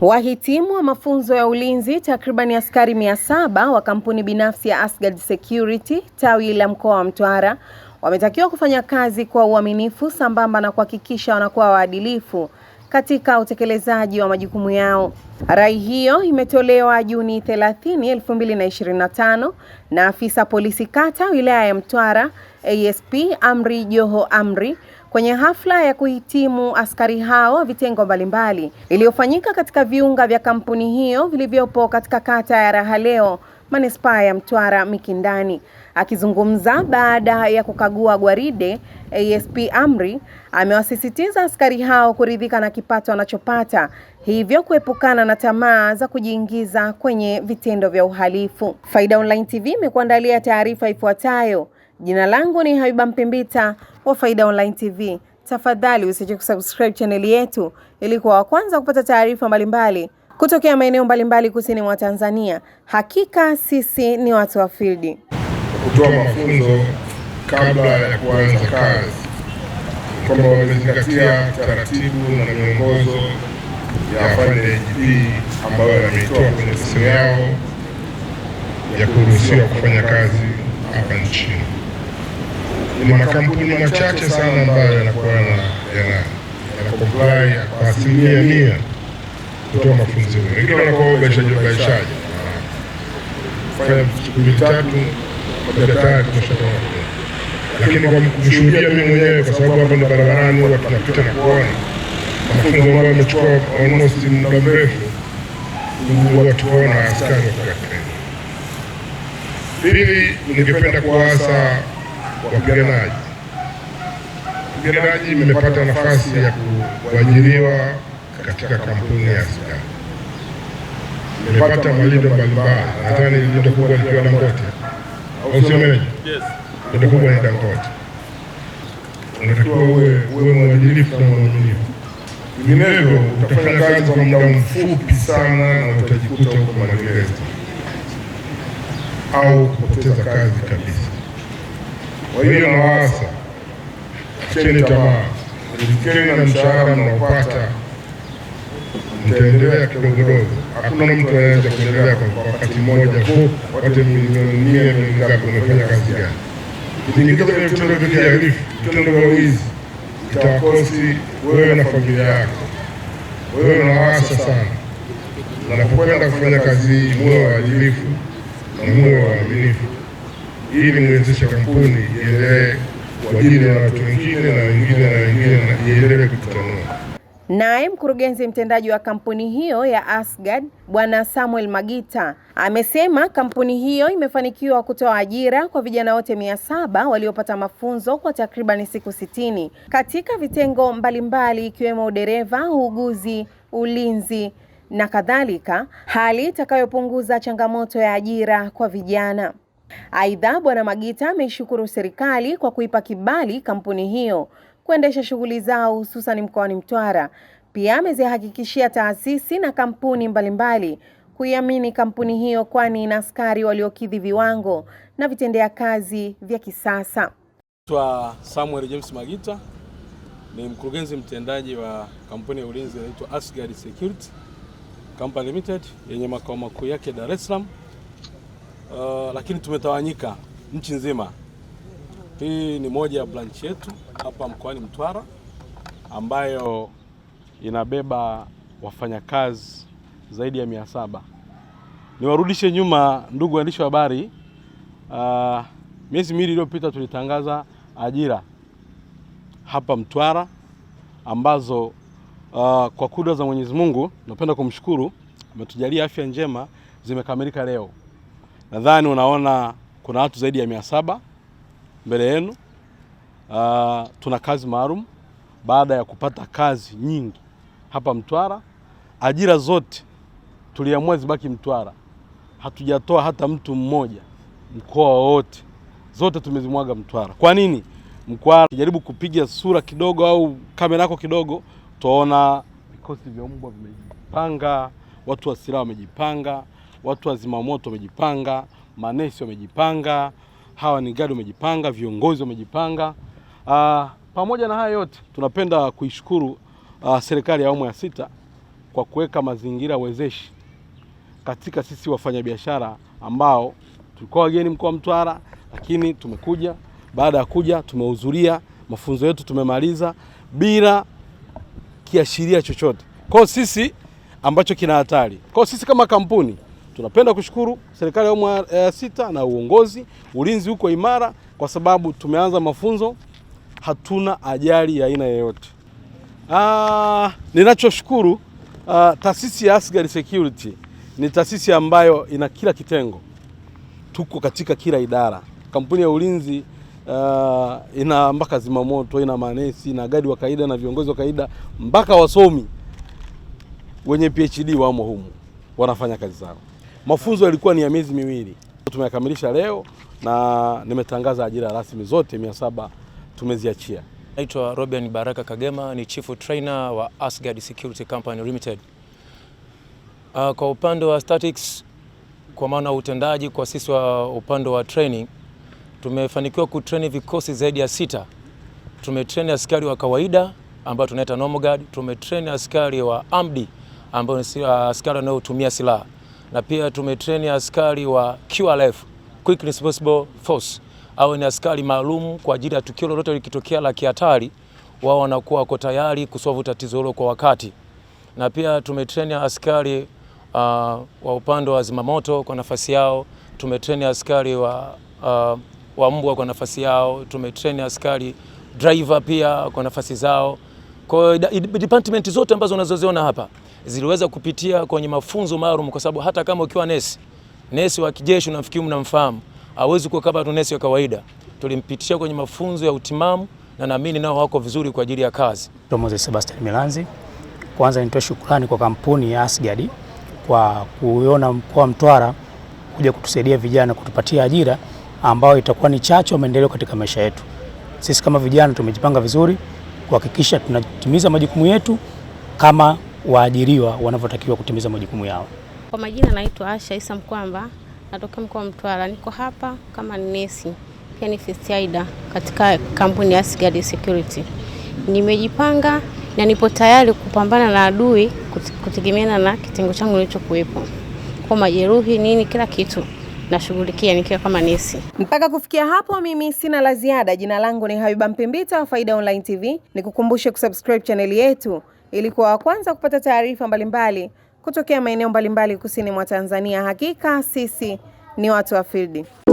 Wahitimu wa mafunzo ya ulinzi takribani askari mia saba wa kampuni binafsi ya Asgard Security tawi la mkoa wa Mtwara wametakiwa kufanya kazi kwa uaminifu sambamba na kuhakikisha wanakuwa waadilifu katika utekelezaji wa majukumu yao. Rai hiyo imetolewa Juni 30, 2025 na afisa polisi kata wilaya ya Mtwara ASP Amri Joho Amri kwenye hafla ya kuhitimu askari hao vitengo mbalimbali iliyofanyika katika viunga vya kampuni hiyo vilivyopo katika kata ya Rahaleo manispaa ya Mtwara Mikindani. Akizungumza baada ya kukagua gwaride, ASP Amri amewasisitiza askari hao kuridhika na kipato wanachopata, hivyo kuepukana na tamaa za kujiingiza kwenye vitendo vya uhalifu. Faida Online TV imekuandalia taarifa ifuatayo. Jina langu ni Habiba Mpimbita wa Faida Online TV. Tafadhali usiache kusubscribe chaneli yetu ili kuwa wa kwanza kupata taarifa mbalimbali kutokea maeneo mbalimbali kusini mwa Tanzania. Hakika sisi ni watu wa field. Kutoa mafunzo kabla ya kuanza kazi kwamba wamezingatia taratibu na miongozo ya FADHB ambayo yameitoa kwenye sio yao ya kuruhusiwa kufanya kazi hapa nchini ni makampuni machache sana ambayo yanakuwa yana comply kwa asilimia mia kutoa mafunzo hiyo, Wengine wanakuwa wabaishaji wabaishaji, fanya siku vitatu tayari tumeshatoa, lakini kwa kushuhudia mimi mwenyewe, kwa sababu hapa ni barabarani, huwa tunapita na kuona mafunzo ambayo yamechukua almost muda mrefu, huwa tukaona askari wakiwa treni. Pili, ningependa kuwaasa wapiganaji. Wapiganaji mmepata nafasi ya kuajiriwa katika kampuni ya Askari, mmepata malindo mbalimbali. Nadhani lindo kubwa likiwa Dangote, au sio meneja? Lindo kubwa ni Dangote. Unatakiwa uwe uwe mwadilifu na mwaminifu, vinginevyo utafanya kazi kwa muda mfupi sana na utajikuta huko magereza au kupoteza kazi kabisa. Kwa hiyo nawaasa, acheni tamaa, jifukeni na mshahara mnaopata, mtaendelea kidogodogo. Hakuna mtu anaweza kuendelea kwa wakati mmoja tu, wote mlinia mingapi, umefanya kazi gani? Ikiingiza kwenye vitendo vya kihalifu, vitendo vya wizi, itawakosti wewe na familia yako. Kwa hiyo nawaasa sana, mnapokwenda kufanya kazi hii muwe waadilifu na muwe waaminifu ili niwezeshe kampuni iendelee kuajiri na watu wengine na wengine na wengine na iendelee kutanua. Naye mkurugenzi mtendaji wa kampuni hiyo ya Asgard Bwana Samuel Magita amesema kampuni hiyo imefanikiwa kutoa ajira kwa vijana wote mia saba waliopata mafunzo kwa takribani siku sitini katika vitengo mbalimbali ikiwemo udereva, uuguzi, ulinzi na kadhalika, hali itakayopunguza changamoto ya ajira kwa vijana. Aidha, Bwana Magita ameishukuru serikali kwa kuipa kibali kampuni hiyo kuendesha shughuli zao hususan mkoani Mtwara. Pia amezihakikishia taasisi na kampuni mbalimbali kuiamini kampuni hiyo kwani ina askari waliokidhi viwango na vitendea kazi vya kisasa. Naitwa Samuel James Magita, ni mkurugenzi mtendaji wa kampuni ya ulinzi inaitwa Asgard Security Company Limited yenye makao makuu yake Dar es Salaam uh, lakini tumetawanyika nchi nzima. Hii ni moja ya branch yetu hapa mkoani Mtwara ambayo inabeba wafanyakazi zaidi ya mia saba. Niwarudishe nyuma, ndugu waandishi wa habari, uh, miezi miwili iliyopita tulitangaza ajira hapa Mtwara ambazo uh, kwa kudra za Mwenyezi Mungu napenda kumshukuru ametujalia afya njema zimekamilika leo. Nadhani unaona kuna watu zaidi ya mia saba mbele yenu. Uh, tuna kazi maalum baada ya kupata kazi nyingi hapa Mtwara. Ajira zote tuliamua zibaki Mtwara, hatujatoa hata mtu mmoja mkoa wowote, zote tumezimwaga Mtwara. Kwa nini Mkwara? Jaribu kupiga sura kidogo au kamera yako kidogo, utaona vikosi vya mbwa vimejipanga, watu wa silaha wamejipanga watu wa zimamoto wamejipanga, manesi wamejipanga, hawa ni gadi wamejipanga, viongozi wamejipanga. Uh, pamoja na haya yote tunapenda kuishukuru uh, serikali ya awamu ya sita kwa kuweka mazingira wezeshi katika sisi wafanyabiashara ambao tulikuwa wageni mkoa wa Mtwara, lakini tumekuja baada ya kuja tumehudhuria mafunzo yetu, tumemaliza bila kiashiria chochote kwao sisi ambacho kina hatari kwao sisi kama kampuni Tunapenda kushukuru serikali ya awamu ya sita na uongozi, ulinzi uko imara, kwa sababu tumeanza mafunzo, hatuna ajali ya aina yoyote. Ah, ninachoshukuru ah, taasisi ya Asgard Security ni taasisi ambayo ina kila kitengo, tuko katika kila idara. Kampuni ya ulinzi Uh, ina mpaka zimamoto, ina manesi na gadi wa kaida na viongozi wa kaida, mpaka wasomi wenye PhD wamo humu wanafanya kazi zao. Mafunzo yalikuwa ni ya miezi miwili, tumeyakamilisha leo na nimetangaza ajira rasmi zote mia saba tumeziachia. Naitwa Robin Baraka Kagema, ni chief trainer wa Asgard Security Company Limited. Uh, kwa upande wa statics, kwa maana utendaji, kwa sisi wa upande wa training tumefanikiwa kutrain vikosi zaidi ya sita. Tumetrain askari wa kawaida ambao tunaita normal guard, tumetrain askari wa amdi ambao ni ah, askari wanaotumia silaha na pia tumetreni askari wa QRF, Quick Responsible Force, au ni askari maalum kwa ajili ya tukio lolote likitokea la kihatari, wao wanakuwa wako tayari kusolve tatizo hilo kwa wakati. Na pia tumetreni askari uh, wa upande wa zimamoto kwa nafasi yao, tumetreni askari wa, uh, wa mbwa kwa nafasi yao, tumetreni askari driver pia kwa nafasi zao. Kwa hiyo department zote ambazo unazoziona hapa ziliweza kupitia kwenye mafunzo maalum, kwa sababu hata kama ukiwa nesi nesi wa kijeshi, unafikiri mnamfahamu, hawezi kuwa kama nesi wa kawaida. Tulimpitishia kwenye mafunzo ya utimamu na naamini nao wako vizuri kwa ajili ya kazi. Moses Sebastian Milanzi, kwanza nitoe shukrani kwa kampuni ya Asgard kwa kuona mkoa Mtwara kuja kutusaidia vijana, kutupatia ajira ambayo itakuwa ni chachu maendeleo katika maisha yetu. Sisi kama vijana tumejipanga vizuri kuhakikisha tunatimiza majukumu yetu kama waajiriwa wanavyotakiwa kutimiza majukumu yao. Kwa majina naitwa Asha Isa Mkwamba, natoka mkoa wa Mtwara. Niko hapa kama nesi pia ni first aider katika kampuni ya Asgard Security. Nimejipanga na nipo tayari kupambana na adui kutegemeana na kitengo changu nilichokuwepo, kwa majeruhi nini, kila kitu nashughulikia nikiwa kama nesi. Mpaka kufikia hapo, mimi sina la ziada. Jina langu ni Habiba Mpimbita wa Faida Online TV, nikukumbushe kusubscribe chaneli yetu ilikuwa wa kwanza kupata taarifa mbalimbali kutokea maeneo mbalimbali kusini mwa Tanzania. Hakika sisi ni watu wa field.